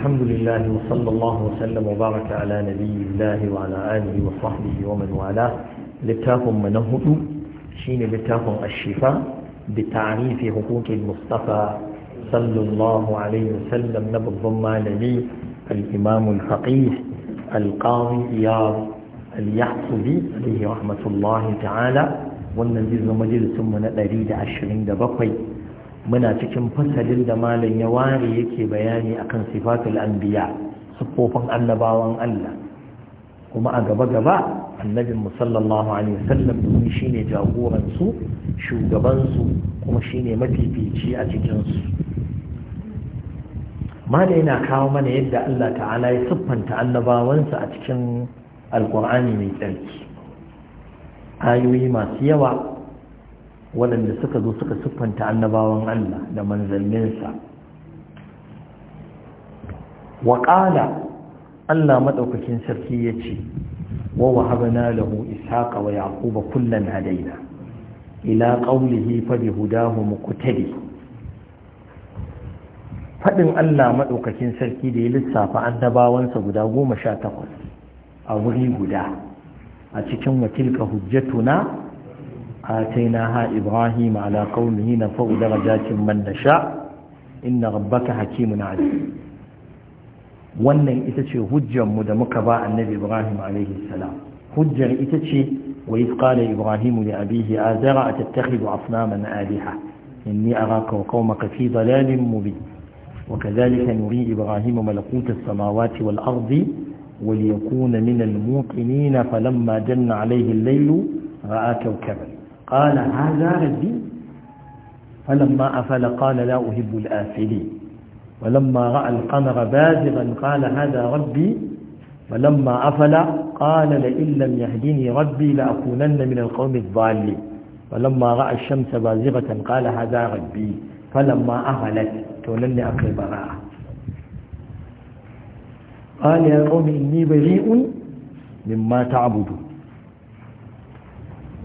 الحمد لله وصلى الله وسلم وبارك على نبي الله وعلى آله وصحبه ومن والاه لتاف منهد شين لتاف الشفاء بتعريف حقوق المصطفى صلى الله عليه وسلم نبو الضمان لي الإمام الفقيه القاضي إياض اليحصبي عليه رحمة الله تعالى والنبي مجلس ثم نأريد عشرين دبقي muna cikin fasalin da malam ya ware yake bayani akan sifatul anbiya sufofin annabawan Allah kuma a gaba gaba annabin sallallahu alaihi wasallam domin shine jagoran su shugaban su kuma shine mafifici a cikin su mala yana kawo mana yadda Allah ta'ala ya siffanta annabawansa a cikin alkur'ani mai tsarki ayoyi masu yawa waɗanda suka zo suka siffanta annabawan Allah da manzanninsa wa ƙala Allah maɗaukakin sarki ya ce wa wahabana lahu ishaqa wa yaquba kullan hadaina ila qawlihi fa bihudahu muqtadi fadin Allah madaukakin sarki da ya lissafa annabawansa guda 18 a wuri guda a cikin watilka hujjatuna آتيناها إبراهيم على قومه نفوق درجات من نشاء إن ربك حكيم عليم wannan ita ce hujjanmu da muka ba annabi ibrahim alaihi salam hujjar ita ce wa iz qala ibrahim li abihi azara atattakhidhu asnaman aliha inni araka wa qaumaka fi dalalin mubin wa kadhalika nuri ibrahim malakut as-samawati wal ardi wa liyakuna min al-muqinin falamma janna alayhi al-layl ra'a kawkaban قال هذا ربي فلما أفل قال لا أهب الآفلين ولما رأى القمر بازغا قال هذا ربي فلما أفل قال لئن لم يهدني ربي لأكونن من القوم الضالين فلما رأى الشمس بازغة قال هذا ربي فلما أهلت تولني أقل براءة قال يا قوم إني بريء مما تعبدون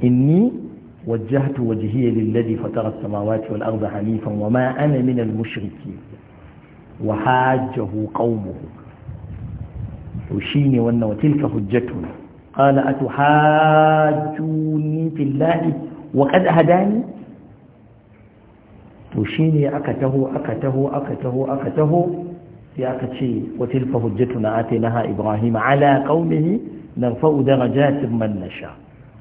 إني وجهت وجهي للذي فطر السماوات والأرض حنيفا وما أنا من المشركين وحاجه قومه وشيني وأن وتلك حجتنا قال أتحاجوني في الله وقد هداني وشيني أكته أكته أكته أكته في أكتشي وتلك حجتنا آتيناها إبراهيم على قومه نرفع درجات من نشاء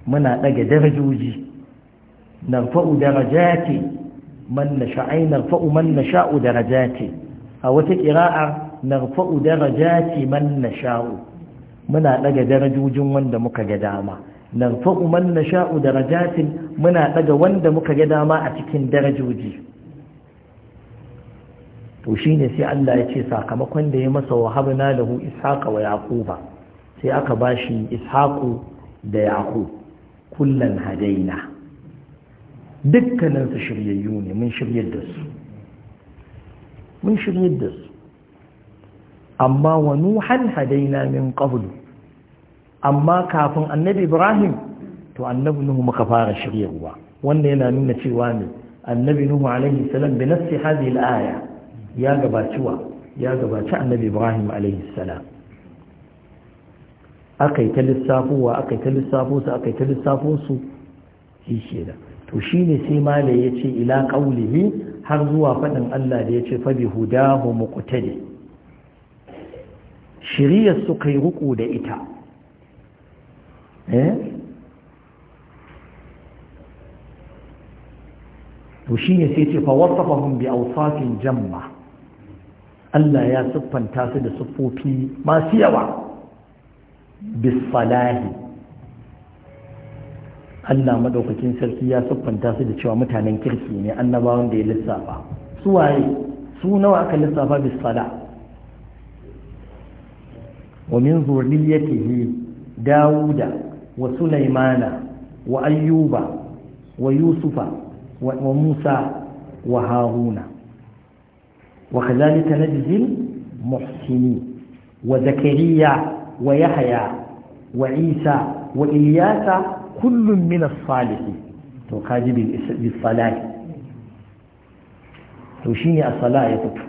muna ɗaga darajoji نرفع درجات من نشاء نرفع من نشاء درجات أو تقراء نرفع درجات من نشاء muna daga darajojin wanda muka ga dama narfa'u man nasha'u darajatin muna daga wanda muka ga dama a cikin darajoji to shine sai Allah ya ce sakamakon da ya masa wahabna lahu ishaqa wa yaquba sai aka bashi ishaqu da yaqub kullan hadaina dukkaninsu shiryayyu ne mun shiryar da su mun shiryar da su amma wani nuhan hadaina min qablu amma kafin annabi ibrahim to annabi nuhu muka fara shiryarwa wanda yana nuna cewa ne annabi nuhu alaihi salam bi nafsi hadhihi al-aya ya gabaci wa ya gabaci annabi ibrahim alaihi salam akai ta lissafo wa akai ta lissafo su akai ta lissafo su shi kenan to shine sai malai ya ce ila ƙaulihi har zuwa faɗin Allah da ya ce fabi hudahu ne, shiriyar su kai ruku da ita eh to shine sai ce fa wasafahum bi awsafin jamma Allah ya siffanta su da siffofi masu yawa bis Allah madaukakin sarki ya siffanta su da cewa mutanen kirki ne annabawan da ya lissafa su waye su nawa aka lissafa bis sala wa min zurriyatihi dawuda wa sulaimana wa ayyuba wa yusufa wa musa wa haruna wa kadhalika najzil muhsini wa zakariya wa yahya wa isa wa ilyasa kullum min as-salihin to kaji bi salati to shine as-sala ya fito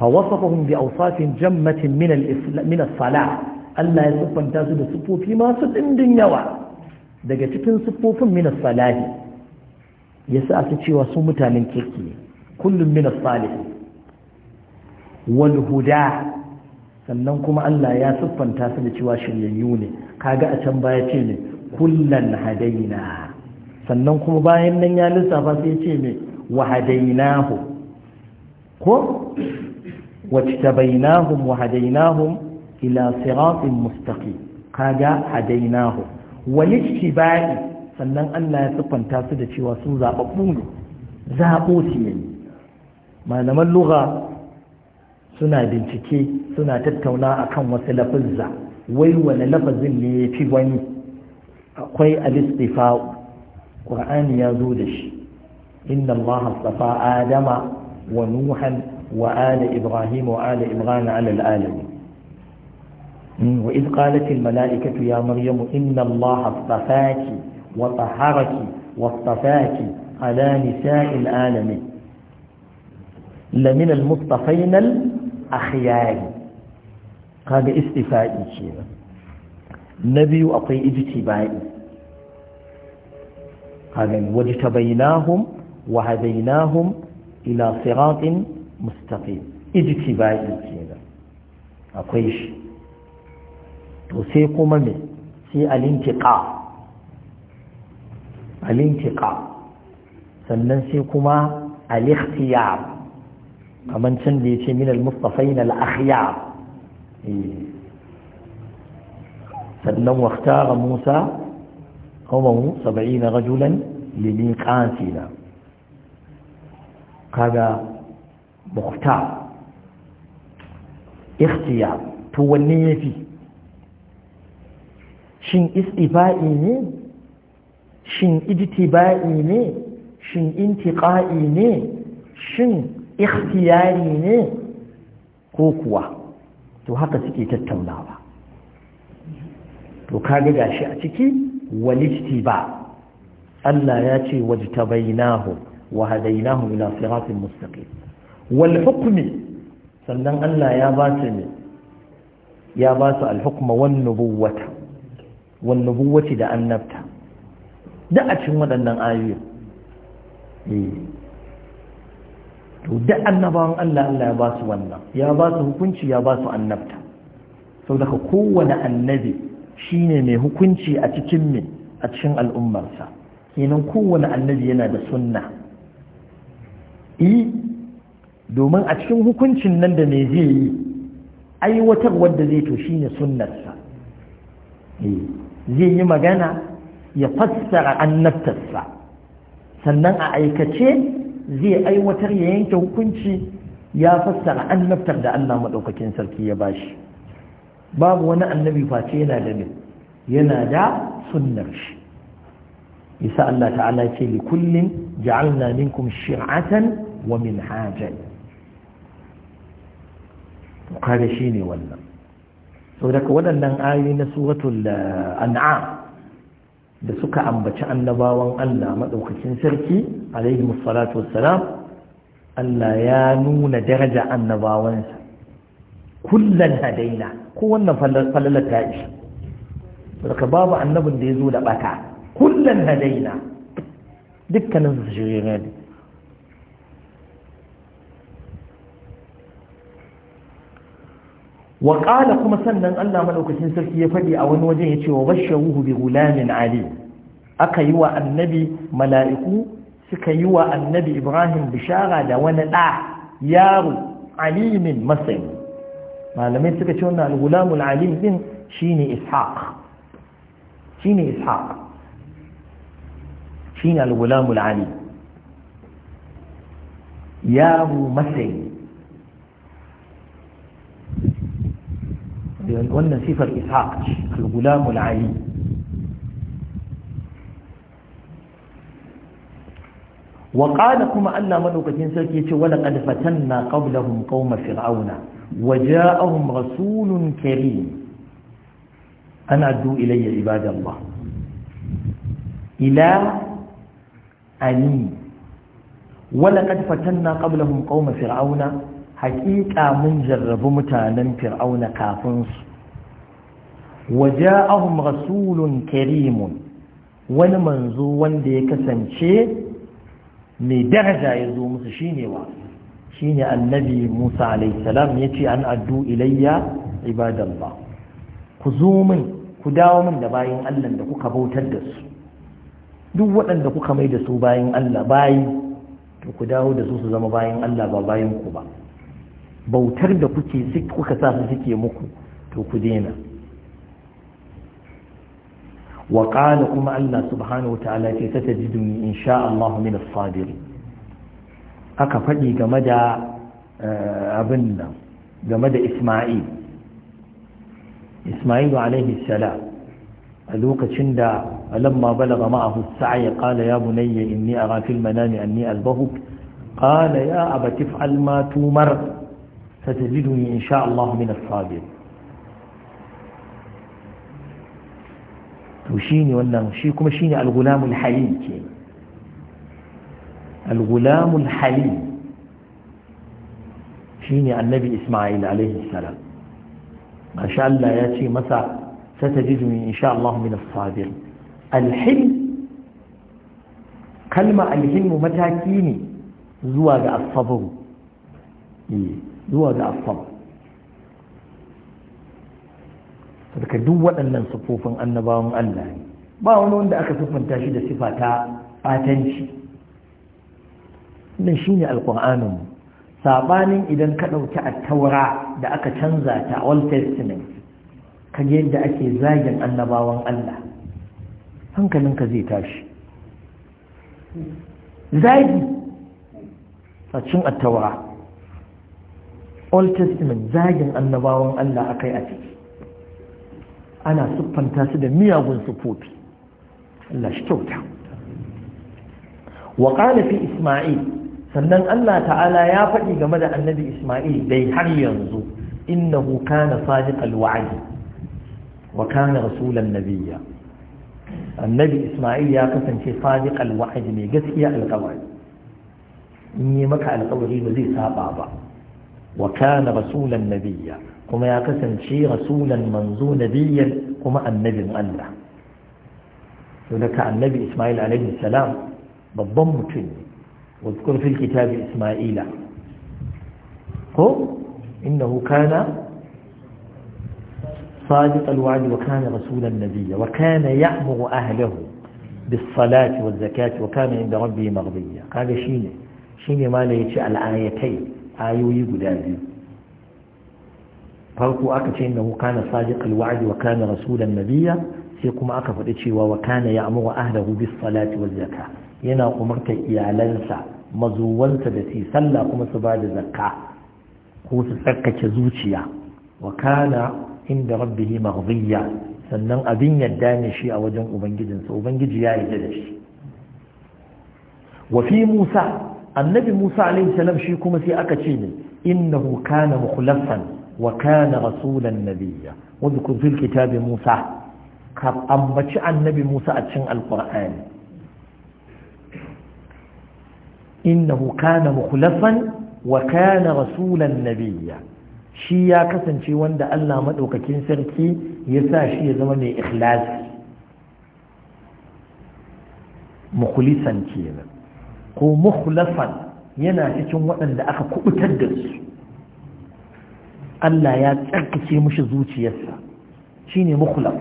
fa wasafahum bi awsafin jammatin min al-islam min Allah ya siffanta su da siffofi masu dindin yawa daga cikin siffofin min as-salahi yasa su cewa su mutanen kirki ne kullum min as-salihin huda sannan kuma Allah ya siffanta su da cewa shiryayyu ne kaga a can baya ce ne kullan hadaina sannan kuma bayan nan ya lissafa sai ce mai wa hadainahu ko wajtabainahum wa hadainahum ila siratin mustaqi kaga hadainahu wani tibai sannan Allah ya siffanta su da cewa sun zababbu ne zaɓo su ne malaman lugha suna bincike suna tattauna akan wasu lafazza wai wani lafazin ne ya fi wani akwai alistifa'u ƙur'ani ya zo da shi inna Allah astafa adama wa nuhan wa ala ibrahim wa ala imran ala alamin wa iz qalat al mala'ikatu ya maryamu inna Allah astafaki wa taharaki wa astafaki ala nisa'i al alamin لمن المصطفين الأخيار kaga istifa'i kenan na biyu akwai ijiti ba'i hagan waje tabainahum wa hadainahum ila siratin mustaqim ijiti ba'i kenan akwai shi to sai kuma me sai alintiqa alintiqa sannan sai kuma al-ikhtiyar kaman can da ce min al-mustafain al-akhyar eh. فلما اختار موسى قومه سبعين رجلا لميقاتنا هذا مختار اختيار توليه في شن استفائيني شن اجتبائيني شن انتقائيني شن اختياريني قوكوة تو هكا سكي تتولى to ka ga gashi a ciki walisti ba Allah ya ce wajtabainahu wa hadainahu ila siratin mustaqim wal hukmi sannan Allah ya ba su ne ya ba su al-hukma wan nubuwata wan nubuwati da annabta da a cikin waɗannan ayoyi eh. to da annabawan Allah Allah ya ba su wannan ya ba su hukunci ya ba su annabta daga kowane annabi Shi ne mai hukunci a cikin min a cikin al'ummarsa kenan kowane annabi yana da sunna i e, domin a cikin hukuncin nan da me zai yi aiwatar wadda zai to shi ne sunnarsa e, zai yi magana ya fassara annabtarsa sannan a aikace zai aiwatar ya yanke hukunci ya fassara annabtar da Allah maɗaukakin sarki ya bashi babu wani annabi face yana da ne yana da sunnar shi isa Allah ta'ala ce li kullin ja'alna minkum shir'atan wa minhajan kare shine wannan sau daga waɗannan ayoyi na suratul eh, an'am da suka ambaci annabawan Allah maɗaukacin sarki alaihi musallatu wassalam Allah ya nuna daraja annabawansa kullan hadaina ko wannan falalar ta ishi daga babu annabin da ya zo da bata kullan hadaina dukkanin su shirye ne wa ƙala kuma sannan Allah maɗaukacin sarki ya faɗi a wani wajen ya ce wa basharuhu bi gulamin ali aka yi wa annabi mala'iku suka yi wa annabi ibrahim bishara da wani ɗa yaro alimin masani malamai suka ce wannan al-gulamul alim din shine ishaq ne ishaq shine alim yaro masai wannan sifar ishaq ce al-gulamul alim وقال كما أن مدوكتين سلكي ولقد فتنا قبلهم قوم فرعون وجاءهم رسول كريم أن أدوا إلي عباد الله إلى أني ولقد فتنا قبلهم قوم فرعون حقيقة من جرب متانا فرعون كافنس وجاءهم رسول كريم ولمنزو وندي كسنشي من درجة يزوم سشيني واسم shine annabi Musa alaihi salam yace an addu ilayya ibadallah ku zo min ku dawo min da bayin Allah da kuka bautar da su duk waɗanda kuka mai da su bayin Allah bayi to ku dawo da su su zama bayin Allah ba bayin ku ba bautar da kuke kuka sa su suke muku to ku daina wa kuma Allah subhanahu wa ta'ala ce satajiduni insha Allah min as-sabirin aka faɗi game da eh, abin nan game da isma'il isma'ilu alaihi salam a lokacin da lamma balaga ma'ahu ya qala ya bunayya inni ara fil manami anni albahuk qala ya abati fa'al ma tumar satajiduni insha Allah min as to shi shine wannan shi kuma shine al-gulamul hayy kenan al-gulamul shine annabi Isma'il alaihi salam masha ya ce masa satajiduni insha Allah min as kalma al mataki ne zuwa ga as-sabr eh, duk waɗannan sufofin annabawan Allah ne ba wani wanda aka siffanta shi da sifata ta batanci nan shine alqur'anin mu sabanin idan ka dauki at-taura da aka canza ta old testament kaje yadda ake zagin annabawan Allah ka zai tashi zagi a cin at-taura old testament zagin annabawan Allah akai a ciki ana siffanta su da miyagun siffofi Allah shi kyauta wa fi Isma'il sannan Allah ta'ala ya faɗi game da annabi Ismail dai har yanzu innahu kana sadiqal wa'di wa kana rasulan nabiyya annabi Ismail ya kasance sadiqal wa'di mai gaskiya alƙawari in yi maka alƙawari ba zai saba ba wa kana rasulan nabiyya kuma ya kasance rasulan manzo nabiyyan kuma annabin Allah to daga annabi Ismail alaihi salam babban mutum ne واذكر في الكتاب إسماعيل هو إنه كان صادق الوعد وكان رسول النبي وكان يأمر أهله بالصلاة والزكاة وكان عند ربه مرضية قال شيني شيني ما ليتشاء الآيتين آيو يقدادي farko aka ce inda kana sadiqal wa'di wa kana rasulan nabiyya sai kuma aka faɗi cewa wa kana ya'muru ahlahu bis salati waz zakah yana umarta iyalansa Mazowansa da su sallah kuma su ba da zakka ko su tsarkake zuciya wa kana inda rabbihi maghdiya sannan abin yadda ne shi a wajen ubangijinsa ubangiji ya yarda da shi wa fi musa annabi musa alaihi salam shi kuma sai aka ce ne innahu kana mukhlasan wa kana rasulan nabiyya wa bi kitabi musa ka ambaci annabi musa a cikin alqur'ani innahu kana mukhlafan wa rasulan nabiyya shi ya kasance wanda Allah maɗaukakin sarki ya sa shi ya zama mai ikhlasi mukhlisan kenan ko mukhlafan yana cikin waɗanda aka kubutar da su Allah ya tsarkace mushi zuciyarsa shine mukhlaf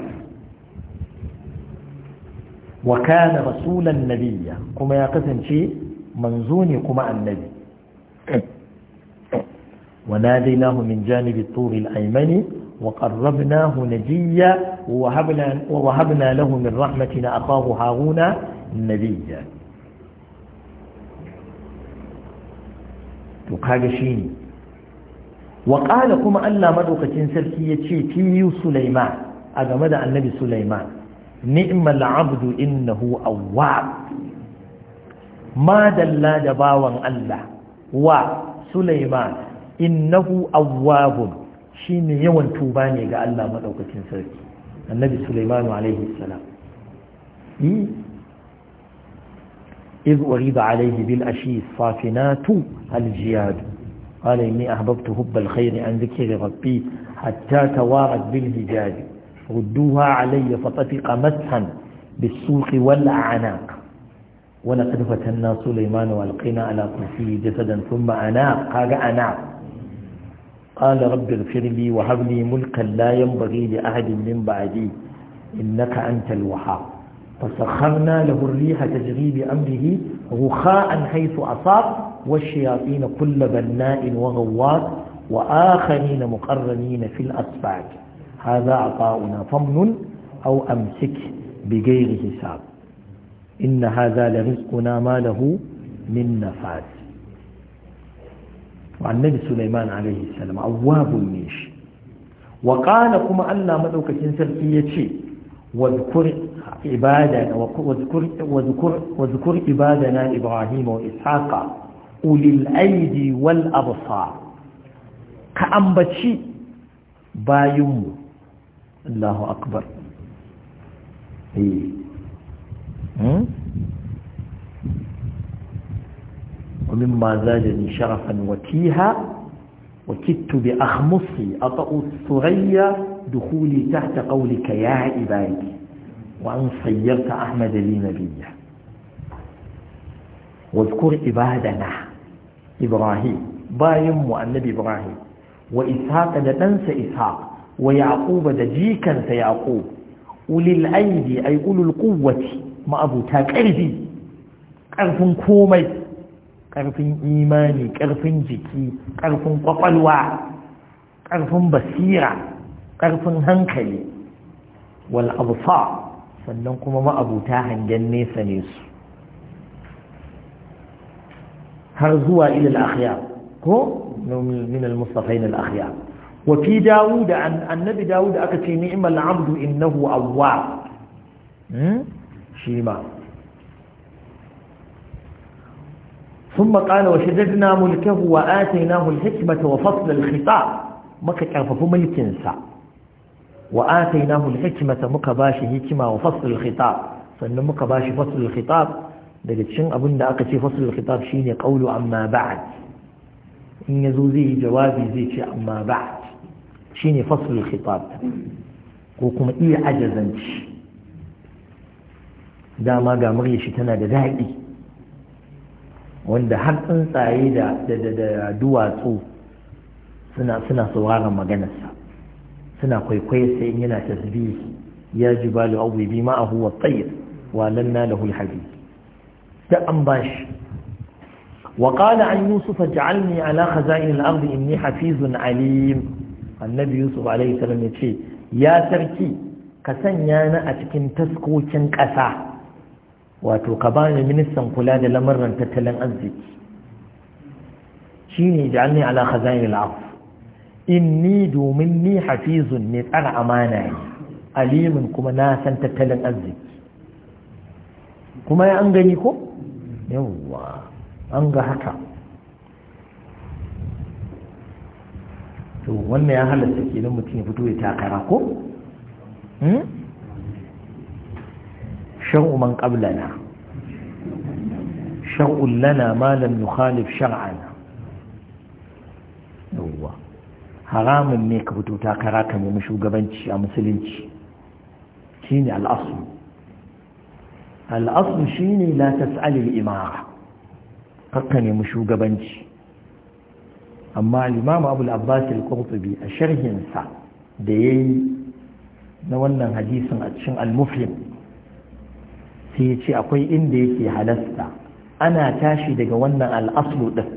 wa kana rasulan nabiyya kuma ya kasance manzo ne kuma annabi وناديناه من جانب الطور الأيمن وقربناه نجيا ووهبنا, ووهبنا له من رحمتنا أخاه هارون نبيا تقاقشين وقال كما ألا مدوقة سلكية في سليمان أجمد النبي سليمان نعم العبد إنه أواب madalla da bawan Allah wa Sulaiman innahu awwabun shine yawan tuba ne ga Allah madaukakin sarki annabi Sulaiman alaihi salam yi iz urida alaihi bil ashi safinatu aljiyad qala inni ahbabtu hubb alkhair an dhikri rabbi hatta tawarat bil hijab rudduha alayya fatatiqa mathan بالسوق والعناق ولقد فتنا سليمان والقينا على كرسيه جسدا ثم انا قال انا قال رب اغفر لي وهب لي ملكا لا ينبغي لأحد من بعدي إنك أنت الوهاب فسخرنا له الريح تجري بأمره رخاء حيث أصاب والشياطين كل بناء وغواص وآخرين مقرنين في الأصفاد هذا عطاؤنا فمن أو أمسك بغير حساب inna haza la rizquna ma lahu min nafad wa annabi Suleiman alaihi salam awwabun ne shi wa kuma Allah maɗaukacin sarki ya ce, ibadana wa dhkur ibadana ibrahima wa ishaqa ulil aidi wal absar ka ambaci bayanmu. Allahu akbar eh ومما زادني شرفا وتيها وكدت بأخمصي أطأ الثريا دخولي تحت قولك يا عبادي وأن صيرت أحمد لي نبيا واذكر عبادنا إبراهيم بايم والنبي إبراهيم وإسحاق لتنسى إسحاق ويعقوب دجيكا سيعقوب وللأيدي أي أولو القوة ما أبو تاكيدي كارفن كومي كارفن إيماني كارفن جيكي كارفن قطلوة كارفن بسيرة كارفن هنكلي والأبصاء سننكم ما أبو تاهن جني نيسو هرزوا إلى الأخيار هو من المصطفين الأخيار وفي داود عن النبي داود أكتي نعم العبد إنه أواب شيما ثم قال وشددنا ملكه وآتيناه الحكمة وفصل الخطاب مكة كرفف ملكنسا وآتيناه الحكمة مكباش هكما وفصل الخطاب فإن مكباش فصل الخطاب شن أبن أكتي فصل الخطاب شيني قول أما بعد إن ya جوابي زيتي أما بعد shine fasul khitab ko kuma iya ajazanci dama ga murya shi tana da daɗi wanda har tsuntsaye da duwatsu suna suna sauraron maganarsa suna kwaikwayo sai in yana tasbihi ya ji balu abubi ma a huwa tsayir wa lanna lahul habi da an bashi وقال عن يوسف اجعلني على خزائن الأرض إني حفيظ عليم annabi yusuf alaihi salam ya ce ya sarki ka sanya ni a cikin taskokin ƙasa wato ka bani ministan kula da lamarin tattalin arziki Shi shine ja'alni ala khazain al inni domin ni hafizun ne tsara amana ne alimin kuma na san tattalin arziki kuma ya an gani ko yawwa an ga haka to wannan ya halatta kenan mutum ya fito ya takara ko hmm? shar'u man qablana shar'u lana malam lam shar'ana yawwa haramun ne ka fito takara ka nemi shugabanci a musulunci shine al'asu al'asu ne la tas'alil imara kakka nemi shugabanci amma limamu abul abbas al-qurtubi a sharhinsa da yayi na wannan hadisin a cikin al-muflim sai ce akwai inda yake halasta ana tashi daga wannan al'aslu din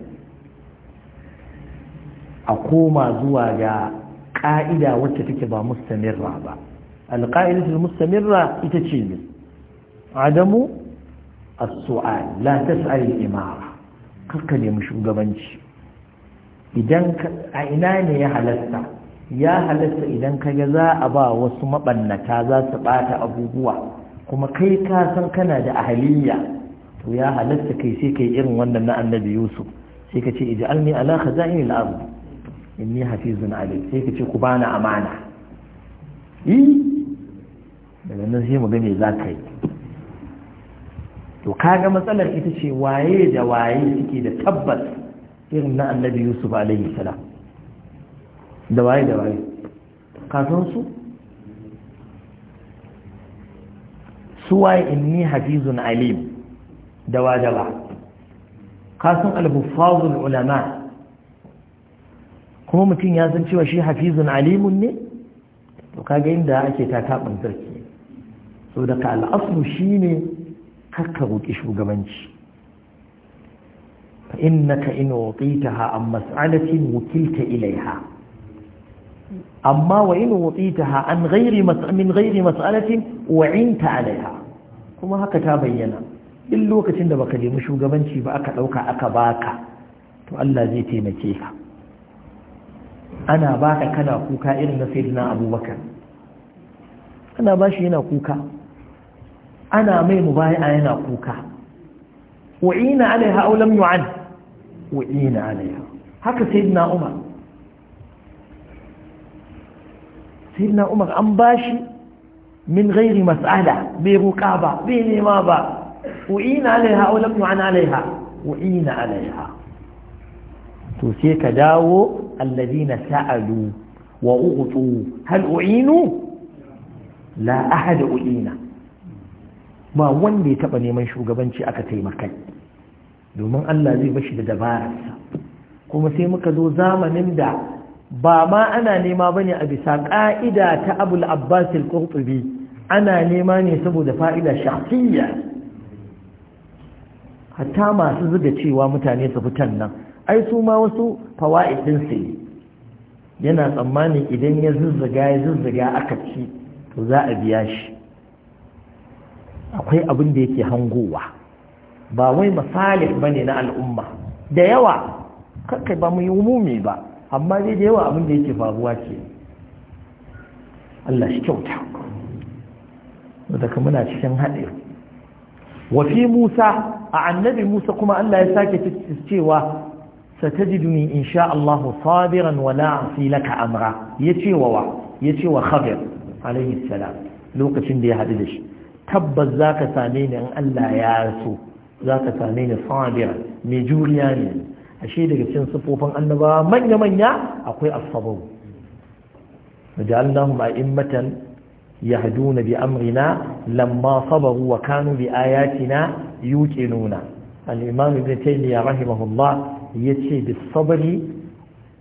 a koma zuwa ga ƙa'ida wacce take ba mustamirra ba alƙa'idatul mustamirra ita ce ne adamu as-su'al la tas'al imara kakka nemi shugabanci idan a ina ne ya halasta ya halasta idan ka ga za a ba wasu mabannata za su bata abubuwa kuma kai ka san kana da ahaliya to ya halasta kai sai kai irin wannan na annabi yusuf sai ka ce ij'alni ala khaza'in al-ard inni hafizun alim sai ka ce ku bani amana yi daga nan sai mu ga me za ka yi to kaga matsalar ita ce waye da waye suke da tabbas irin na annabi yusuf alaihi salam da waye da waye kasan su su waye inni hafizun alim da wa da kasan al-huffazul ulama kuma mutum ya san cewa shi hafizun alimun ne to kaga inda ake ta takaban sarki saboda ka al'asu shine kakka roki shugabanci innaka in wutitaha an mas'alatin wukilta ilaiha amma wa in wutitaha an ghairi min ghairi mas'alatin wa inta alaiha kuma haka ta bayyana duk lokacin da baka nemi shugabanci ba aka ɗauka aka baka to Allah zai taimake ka ana baka kana kuka irin na sayyidina Abubakar ana bashi yana kuka ana mai mubai'a yana kuka أعين عليها أو لم يعن أعين عليها هكا سيدنا عمر سيدنا عمر أنباشي من غير مسألة بركابة بنمابة أعين عليها أو لم يعن عليها أعين عليها توسيك داو الذين سألوا وأغطوا هل أعينوا لا أحد أعينه ba wanda ya taɓa neman shugabanci aka taimaka domin Allah zai bashi da dabararsa kuma sai muka zo zamanin da ba ma ana nema bane a bisa ƙa'ida ta abul abbas al ana nema ne saboda fa'ida shakhsiyya hatta masu zuga cewa mutane su fitan nan ai su ma wasu fawaidin su yana tsammani idan ya zuzzaga ya zuzzaga aka ci to za a biya shi akwai abin da yake hangowa ba wai masalih bane na al'umma da yawa kai ba mu yi umumi ba amma dai da yawa abin da yake faruwa ke Allah shi kyauta daga muna cikin haɗe wafi musa a annabi musa kuma Allah ya sake cewa satajiduni insha Allah sabiran wala asi laka amra yace wa yace wa khabir alaihi salam lokacin da ya haɗu da shi tabbas za ka same ni in Allah ya so za ka same ni sabira mai juriya ne ashe daga cikin sufofin annabawa manya-manya akwai asabaru majalallahu ma'immatan yahduna bi amrina lamma sabaru wa kanu bi ayatina yuqinuna al-imam ibn taymiyyah rahimahullah yace bi sabari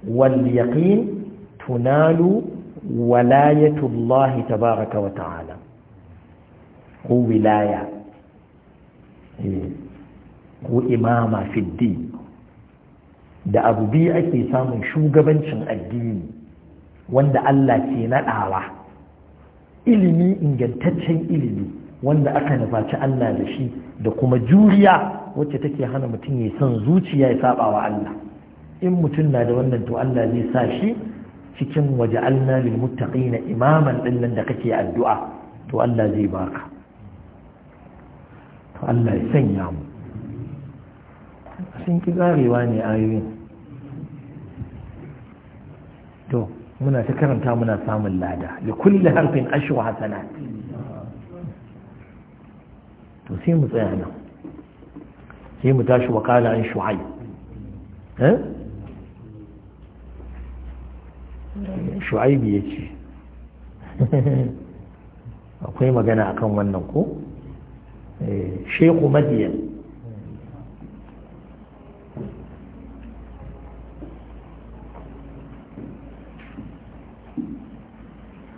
wal yaqin tunalu walayatullah tabaaraka wa ta'ala ko wilaya eh, ko imama fiddi da abu biyu ake samun shugabancin addini wanda Allah ke naɗawa ilimi ingantaccen ilimi wanda aka nufaci Allah da shi da kuma juriya wacce take hana mutum ya son zuciya ya saba wa Allah in mutum na da wannan to Allah zai sa shi cikin waje alna lil muttaqina imaman din da kake addu'a to Allah zai baka to Allah ya sanya mu sun ki garewa ne ayoyin to muna ta karanta muna samun lada da kulle harfin ashwa hasana to sai mu tsaya nan sai mu tashi wa kala an shuhai eh? shu'aibi ya ce akwai magana akan wannan ko شيخ مدين